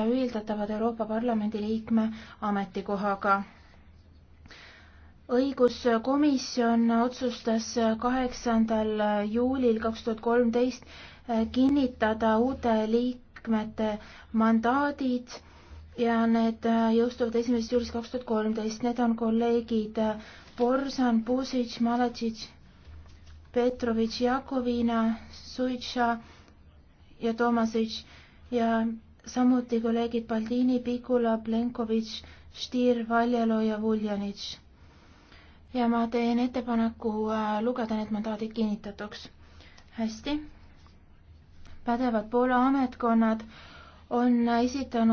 ühildatavad Euroopa Parlamendi liikme ametikohaga. õiguskomisjon otsustas kaheksandal juulil kaks tuhat kolmteist kinnitada uute liikmete mandaadid ja need jõustuvad esimesest juulist kaks tuhat kolmteist, need on kolleegid Borsan, Pusic, Maletšitš, Petrovitš, Jakovina, Suitša ja Tomasitš ja samuti kolleegid Baldini, Pikula, Plenkovitš, Stier, Valjalo ja Vuljanitš. ja ma teen ettepaneku äh, lugeda need mandaadid kinnitatuks. hästi. pädevad Poola ametkonnad on esitanud